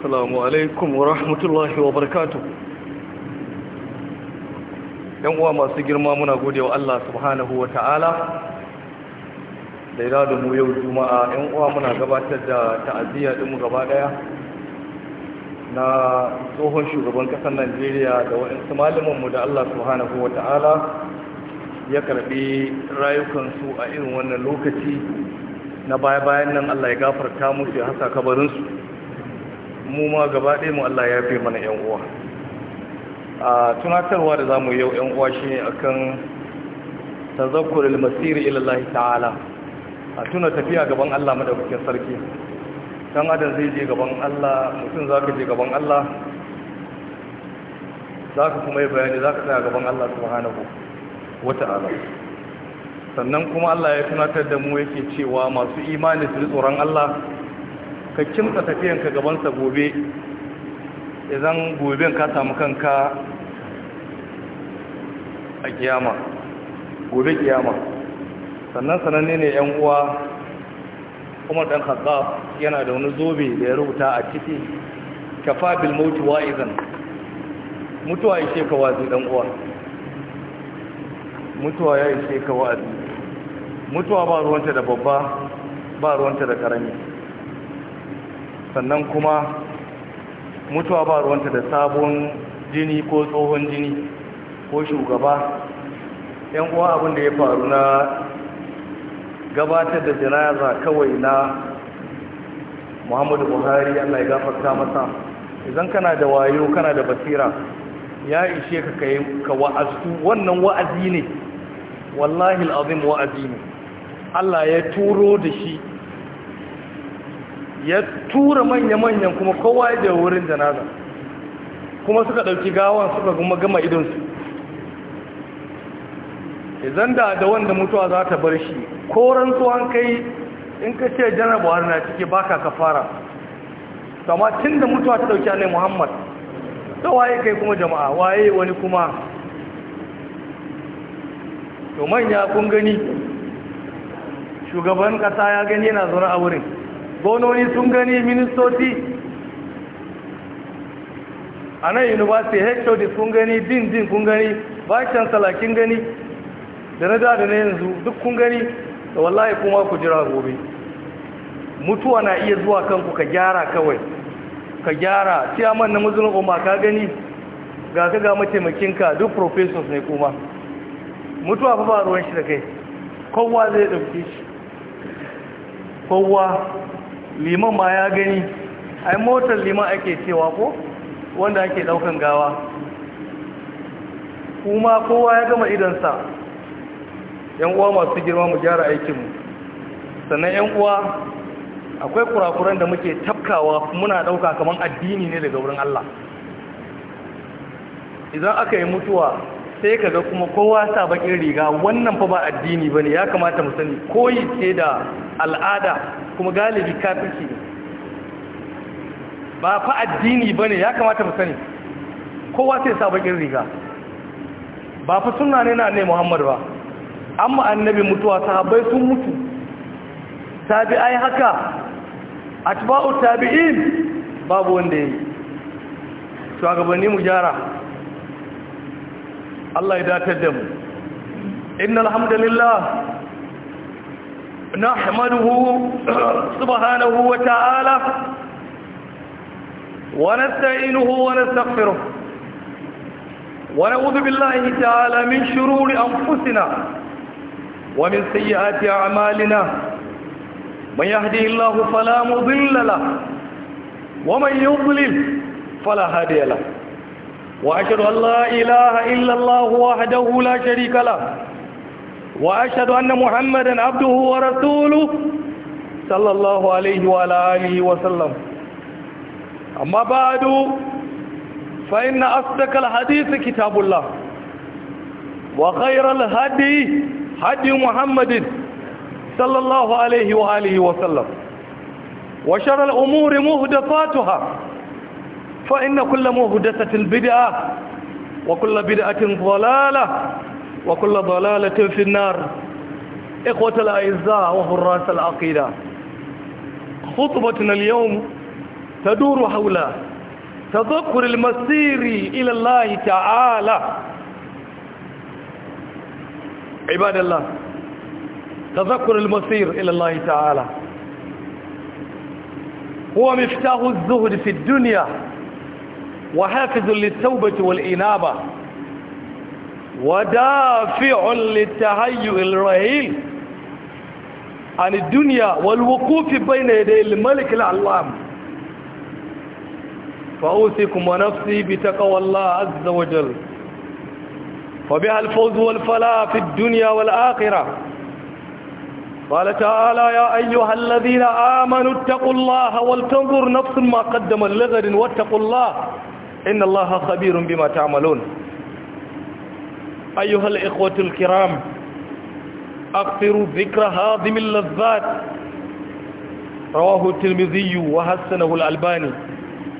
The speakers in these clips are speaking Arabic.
السلام alaikum ورحمة الله وبركاته yan uwa masu girma muna gode wa Allah subhanahu wa ta'ala da da mu yau juma'a yan uwa muna gabatar da ta'aziyya ɗinmu gaba ɗaya na tsohon shugaban ƙasar Najeriya da waɗansu malamanmu da Allah subhanahu wa ta'ala ya karɓi rayukansu a irin wannan lokaci na baya-bayan nan Allah ya gafarta musu ya hasa kabarinsu mu ma gaba ɗaya mu Allah ya fi mana yan uwa a tunatarwa da zamu yau yan uwa shine akan tazakkurul masir ila Allah ta'ala a tuna tafiya gaban Allah madaukakin sarki dan adam zai je gaban Allah mutum zaka je gaban Allah zaka kuma yi bayani zaka tsaya gaban Allah subhanahu wata'ala sannan kuma Allah ya tunatar da mu yake cewa masu imani su tsoron Allah ka kimsa tafiyanka gabansa gobe idan goben ka samu kanka a kiyama gobe kiyama sannan sananne ne yan uwa kuma dan khattab yana da wani zobe da ya rubuta a ciki kafa bil wa idan mutuwa ya ce ka wazi dan uwa mutuwa ya ce ka wazi mutuwa ba ruwanta da babba ba ruwanta da karami sannan kuma mutuwa ba ruwanta da sabon jini ko tsohon jini ko shugaba yan uwa abin da ya faru na gabatar da janaza kawai na muhammadu buhari allah ya gafarta masa idan kana da wayo kana da basira ya ishe ka ka wa'azu wannan wa'azi ne wallahi al'azim wa'azi ne allah ya turo da shi ya tura manya-manyan kuma kowa ya je wurin janaza kuma suka ɗauki gawan suka kuma gama idonsu idan da da wanda mutuwa za ta bar shi ko rantsuwan kai in ka ce janar buhari na cike baka ka fara sama tun da mutuwa ta ɗauki ne muhammad ta waye kai kuma jama'a waye wani kuma to manya kun gani shugaban kasa ya gani yana zaune a wurin gononi sun gani ministoci a nan university hod sun gani din din kun gani bakin salakin gani da na da na yanzu duk kun gani da wallahi kuma ku jira gobe mutuwa na iya zuwa kanku ka gyara kawai ka gyara ciyaman na mazulun umar ka gani ga ka ga mataimakinka duk professors ne kuma mutuwa fa ba ruwan shi da kai kowa zai ɗauke shi kowa liman ma ya gani ai motar liman ake cewa ko wanda ake daukan gawa kuma kowa ya gama idansa yan uwa masu girma mu gyara aikinmu sannan yan uwa akwai kurakuran da muke tafkawa muna dauka kaman addini ne daga wurin Allah idan aka yi mutuwa sai ka ga kuma kowa sa bakin riga wannan fa ba addini ba ne ya kamata mu sani koyi ce da al'ada kuma galibi kafirci ne ba fa addini ba ne ya kamata mu sani kowa sai sa bakin riga ba fa suna ne na ne muhammad ba amma annabi mutuwa sahabbai sun mutu tabi'ai haka atba'u tabi'in babu wanda yayi shugabanni mu gyara Allah ya datar da mu innal hamdalillah نحمده سبحانه وتعالى ونستعينه ونستغفره ونعوذ بالله تعالى من شرور أنفسنا ومن سيئات أعمالنا من يهدي الله فلا مضل له ومن يضلل فلا هادي له وأشهد أن لا إله إلا الله وحده لا شريك له وأشهد أن محمدا عبده ورسوله صلى الله عليه وعلى آله وسلم أما بعد فإن أصدق الحديث كتاب الله وخير الهدي هدي محمد صلى الله عليه وآله وسلم وشر الأمور مهدفاتها فإن كل مهدسة بدعة وكل بدعة ضلالة وكل ضلالة في النار إخوة الأعزاء وحراس العقيدة خطبتنا اليوم تدور حول تذكر المسير إلى الله تعالى عباد الله تذكر المسير إلى الله تعالى هو مفتاح الزهد في الدنيا وحافز للتوبة والإنابة ودافع للتهيؤ الرهيل عن الدنيا والوقوف بين يدي الملك العلام فأوصيكم ونفسي بتقوى الله عز وجل وبها الفوز والفلاح في الدنيا والآخرة قال تعالى يا أيها الذين آمنوا اتقوا الله ولتنظر نفس ما قدم لغد واتقوا الله إن الله خبير بما تعملون أيها الإخوة الكرام أغفروا ذكر هاضم اللذات رواه الترمذي وحسنه الألباني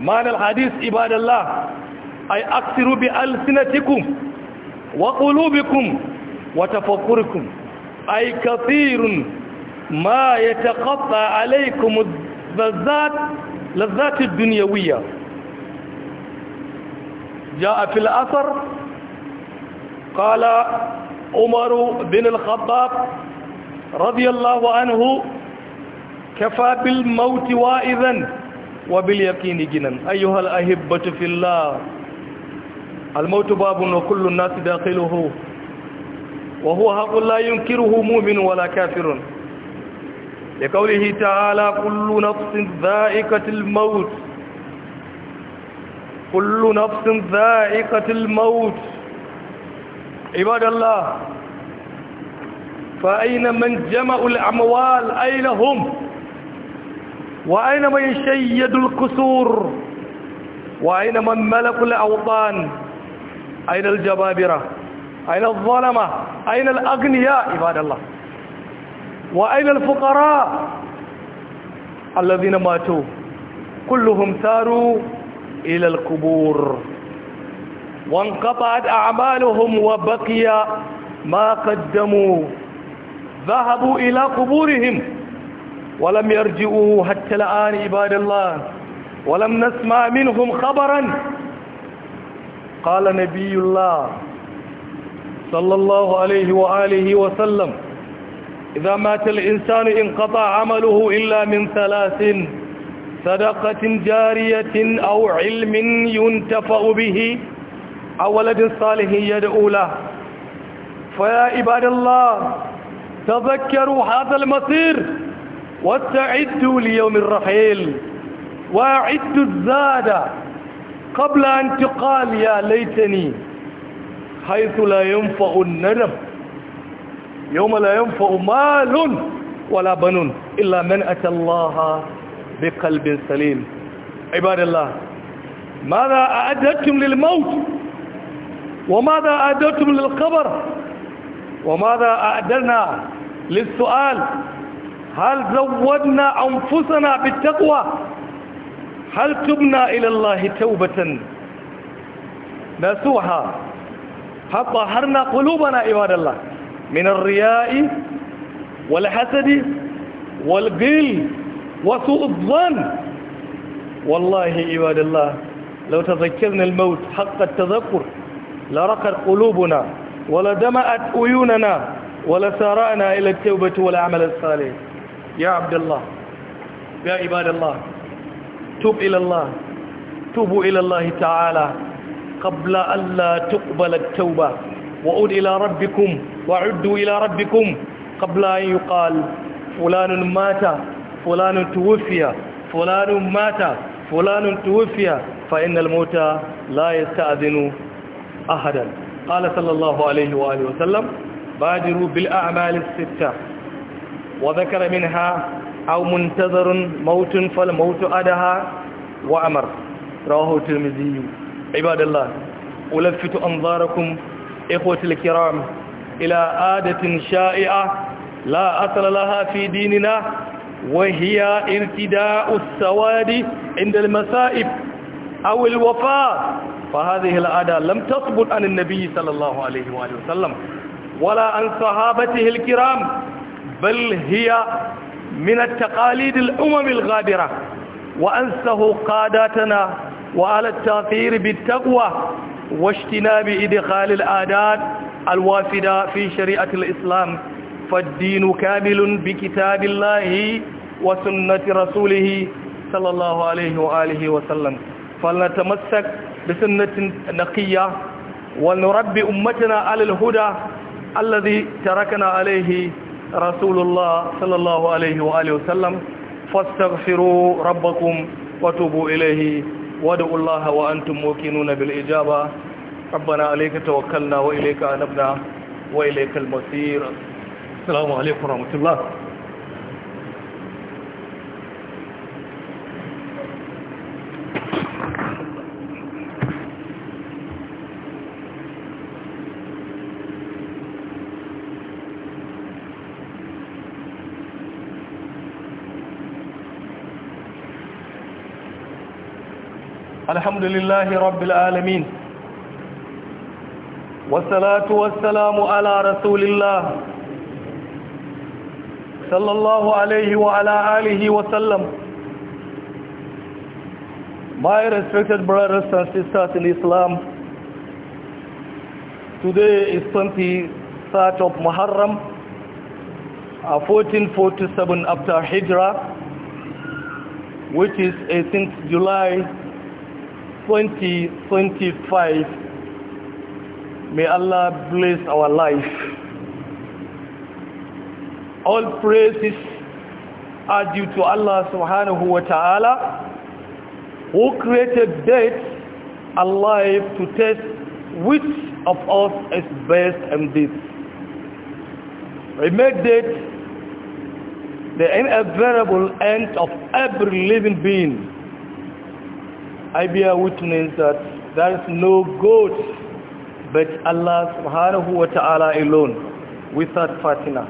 معنى الحديث عباد الله أي أكثروا بألسنتكم وقلوبكم وتفكركم أي كثير ما يتقطع عليكم اللذات لذات الدنيوية جاء في الأثر قال عمر بن الخطاب رضي الله عنه كفى بالموت وائذا وباليقين جنا أيها الأهبة في الله الموت باب وكل الناس داخله وهو حق لا ينكره مؤمن ولا كافر لقوله تعالى كل نفس ذائقة الموت كل نفس ذائقة الموت عباد الله فأين من جمعوا الأموال أين هم وأين من يشيد القصور وأين من ملك الأوطان أين الجبابرة أين الظلمة أين الأغنياء عباد الله وأين الفقراء الذين ماتوا كلهم ساروا إلى القبور وانقطعت أعمالهم وبقي ما قدموا ذهبوا إلى قبورهم ولم يرجعوا حتى الآن عباد الله ولم نسمع منهم خبرا قال نبي الله صلى الله عليه وآله وسلم إذا مات الإنسان انقطع عمله إلا من ثلاث صدقة جارية أو علم ينتفع به أو ولد صالح يدعو له فيا عباد الله تذكروا هذا المصير واستعدوا ليوم الرحيل واعدوا الزاد قبل أن تقال يا ليتني حيث لا ينفع الندم يوم لا ينفع مال ولا بنون إلا من أتى الله بقلب سليم عباد الله ماذا أعددتم للموت؟ وماذا أعددتم للخبر وماذا أعدلنا للسؤال هل زودنا أنفسنا بالتقوى هل تبنا إلى الله توبة نسوها هل طهرنا قلوبنا عباد الله من الرياء والحسد والقل وسوء الظن والله عباد الله لو تذكرنا الموت حق التذكر لرقت قلوبنا ولدمعت عيوننا ولسارعنا إلى التوبة والعمل الصالح يا عبد الله يا عباد الله توب إلى الله توبوا إلى الله تعالى قبل أن لا تقبل التوبة وعود إلى ربكم وعدوا إلى ربكم قبل أن يقال فلان مات فلان توفي فلان مات فلان توفي فإن الموت لا يستأذن أحدا قال صلى الله عليه وآله وسلم بادروا بالأعمال الستة وذكر منها أو منتظر موت فالموت أدها وأمر رواه الترمذي عباد الله ألفت أنظاركم إخوتي الكرام إلى عادة شائعة لا أصل لها في ديننا وهي ارتداء السواد عند المسائب أو الوفاة فهذه العادة لم تثبت عن النبي صلى الله عليه وآله وسلم ولا عن صحابته الكرام بل هي من التقاليد الأمم الغادرة وأنسه قاداتنا وعلى التأثير بالتقوى واجتناب إدخال الآدات الوافدة في شريعة الإسلام فالدين كامل بكتاب الله وسنة رسوله صلى الله عليه وآله وسلم فلنتمسك بسنة نقية ونربي أمتنا على الهدى الذي تركنا عليه رسول الله صلى الله عليه وآله وسلم فاستغفروا ربكم وتوبوا إليه وادعوا الله وأنتم موقنون بالإجابة ربنا عليك توكلنا وإليك أنبنا وإليك المصير السلام عليكم ورحمة الله الحمد لله رب العالمين والصلاة والسلام على رسول الله صلى الله عليه وعلى آله وسلم My respected brothers and sisters in Islam Today is 23rd of Muharram 1447 after Hijrah which is 18th July 2025. May Allah bless our life. All praises are due to Allah subhanahu wa ta'ala who created death alive to test which of us is best and this. He made death the inevitable end of every living being I bear witness that there is no God but Allah subhanahu wa ta'ala alone without partner.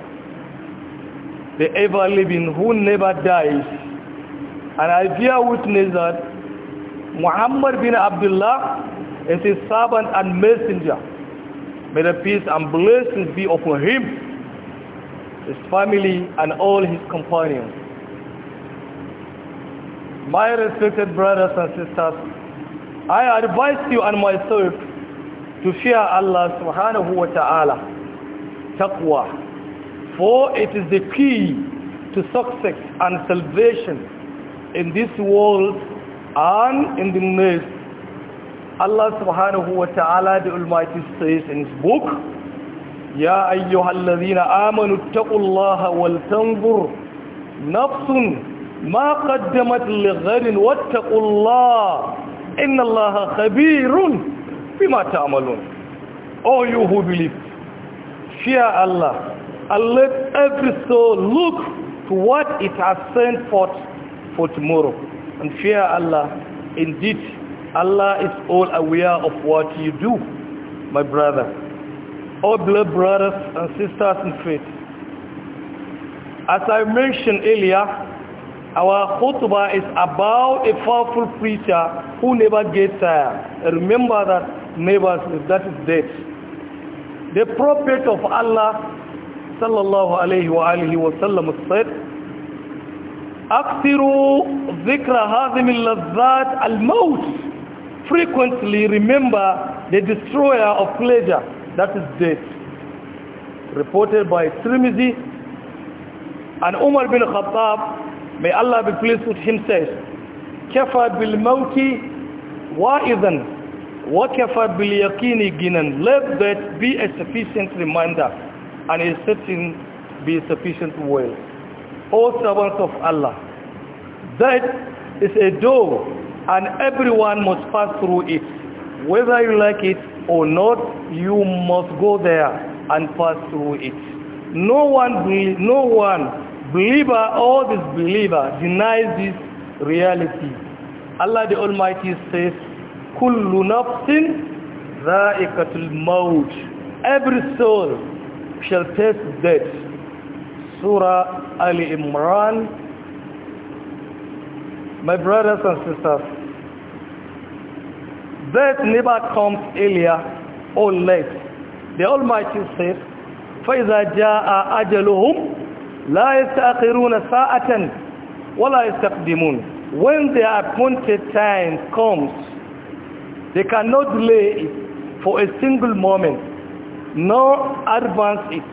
The ever living who never dies. And I bear witness that Muhammad bin Abdullah is his servant and messenger. May the peace and blessings be upon him, his family and all his companions. My respected brothers and sisters, I advise you and myself to fear Allah subhanahu wa ta'ala, taqwa, for it is the key to success and salvation in this world and in the next. Allah subhanahu wa ta'ala the Almighty says in his book, يا أيها الذين آمنوا اتقوا الله ma قدمت li gharin الله ان الله خبير بما تعملون oh you who believe fear allah and let every soul look to what it has sent forth for tomorrow and fear allah indeed allah is all aware of what you do my brother all oh, beloved brothers and sisters in faith as i mentioned earlier Our khutbah is about a powerful preacher who never gets tired. Remember that neighbors, that is death. The prophet of Allah sallallahu alayhi wa said, wa sallam said, أكثروا ذكر هذه not الموت frequently remember the destroyer of pleasure that is death reported by Tirmidhi and Umar bin Khattab May Allah be pleased with him says, كَفَى بِالْمَوْتِ وَإِذًا وَكَفَى بِالْيَقِينِ ginan. Let that be a sufficient reminder and a certain be a sufficient will. O servants of Allah, that is a door and everyone must pass through it. Whether you like it or not, you must go there and pass through it. No one, no one Believer or disbeliever denies this reality. Allah the Almighty says, كُلُّ نَفْسٍ ذَائِقَةُ الْمَوْتِ Every soul shall taste death. Surah Ali Imran. My brothers and sisters, death never comes earlier or late. The Almighty says, فَإِذَا جَاءَ أَجَلُهُمْ la yasta'khiruna sa'atan wala yastaqdimun when their appointed time comes they cannot delay it for a single moment nor advance it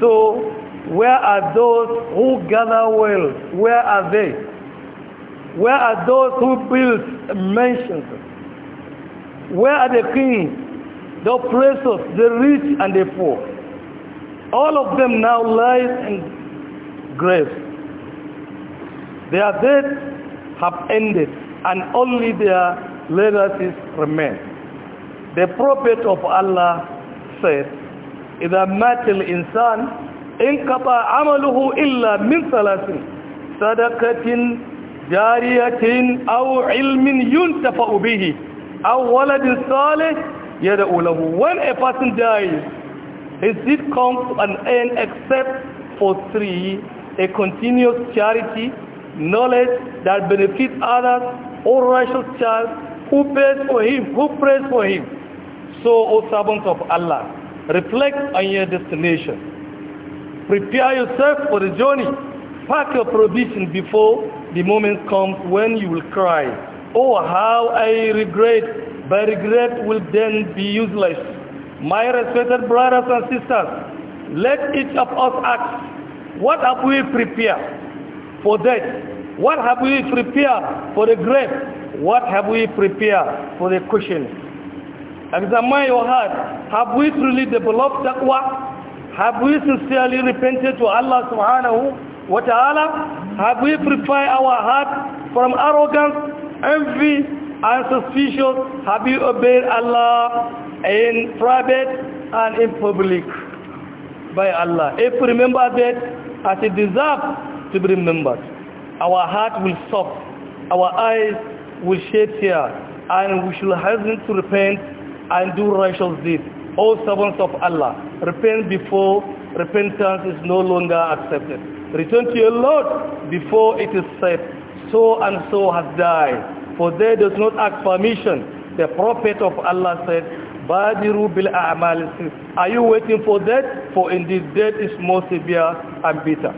so where are those who gather well where are they where are those who build mansions where are the kings the oppressors the rich and the poor All of them now lies in graves. Their death have ended and only their legacies remain. The Prophet of Allah said, إذا مات الإنسان انقطع عمله إلا من ثلاث صدقة جارية أو علم ينتفع به أو ولد صالح يدعو له. When a person dies, his it come to an end except for three, a continuous charity, knowledge that benefits others, or righteous child, who prays for him, who prays for him. So, O servants of Allah, reflect on your destination. Prepare yourself for the journey. Pack your provision before the moment comes when you will cry. Oh, how I regret! But regret will then be useless. My respected brothers and sisters, let each of us ask, what have we prepared for death? What have we prepared for the grave? What have we prepared for the cushion? Examine your heart. Have we truly developed taqwa? Have we sincerely repented to Allah subhanahu wa ta'ala? Have we purified our heart from arrogance, envy, and suspicion? Have you obeyed Allah in private and in public by Allah. If we remember that as it deserves to be remembered, our heart will stop, our eyes will shed tears, and we should hasten to repent and do righteous deeds. O servants of Allah, repent before repentance is no longer accepted. Return to your Lord before it is said, so and so has died, for they does not ask permission. The prophet of Allah said, badiru bil a'mal are you waiting for that for indeed death is more severe and bitter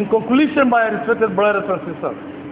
in conclusion my respected brothers and sisters